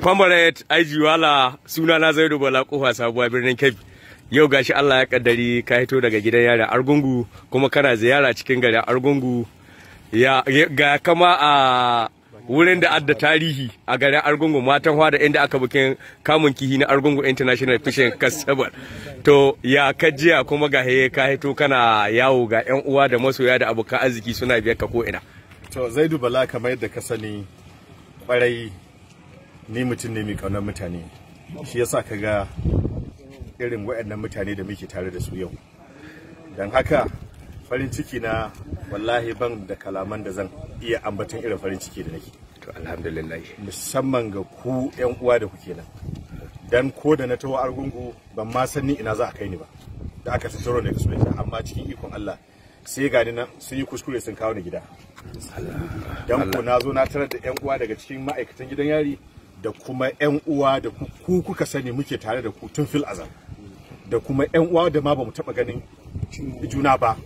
Comrade Ajiwala suna na Zaidu Bala kofa sabuwa birnin Kebbi. Yau gashi Allah ya kaddari ka hito daga gidan yara Argungu kuma kana ziyara cikin garin Argungu ya ga kama a wurin da adda tarihi a garin Argungu matan da inda aka bukin kamun kihi na Argungu International Fishing Festival. To ya kajiya kuma ga ka hito kana yawo ga yan uwa da masoya da abokan arziki suna biyar ka ko ina. To Zaidu Bala kamar yadda ka sani ƙwarai. ni mutum ne mai kaunar mutane shi yasa ka ga irin waɗannan mutane da muke tare da su yau don haka farin ciki na wallahi ban da kalaman da zan iya ambatan irin farin ciki da nake to alhamdulillah musamman ga ku yan uwa da kuke nan dan ko da na taho argungu ban ma san ni ina za a kai ni ba da aka tsoro ne da ne amma cikin ikon Allah sai gani nan sun yi kuskure sun kawo ni gida dan ku na zo na tarar da yan uwa daga cikin ma'aikatan gidan yari da kuma 'yan uwa da ku kuka sani muke tare da ku tun fil azal da kuma 'yan uwa da ma bamu mu taɓa ganin juna ba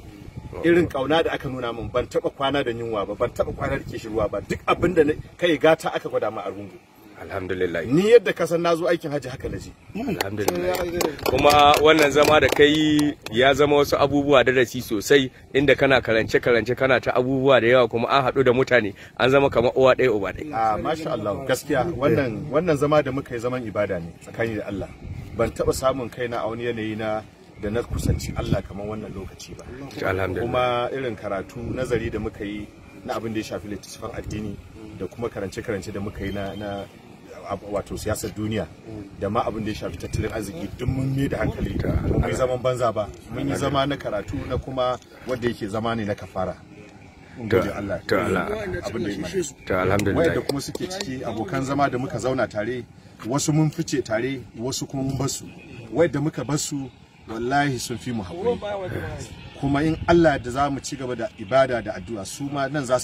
irin kauna da aka nuna min ban taba kwana da yunwa ba ban taɓa kwana da kishirwa ba duk abin da kai gata aka gwada mu a rungu alhamdulillah ni yadda ka san na zo aikin hajji haka naje alhamdulillah kuma wannan zama da kai ya zama wasu abubuwa darasi sosai inda kana karance karance kana ta abubuwa da yawa kuma an haɗu da mutane an zama kamar uwa ɗaya uba ɗaya Ah masha Allah gaskiya wannan wannan zama da muka yi zaman ibada ne tsakani da Allah ban taɓa samun kaina a wani yanayi na da na kusanci Allah kamar wannan lokaci ba kuma irin karatu nazari da muka yi na abin da ya shafi littattafan addini da kuma karance-karance da muka yi na wato siyasar duniya mm. da ma abin da ya shafi tattalin arziki duk mun mai da hankali mun yi zaman banza ba mun yi zama na karatu na kuma wanda yake zama ne na kafara ta alhamdulillah da kuma suke ciki abokan zama da muka zauna tare wasu mun fice tare wasu kuma mun basu da muka basu wallahi sun fi mu hakuri eh. kuma in Allah da za mu ci gaba da ibada da addu'a su ma nan za su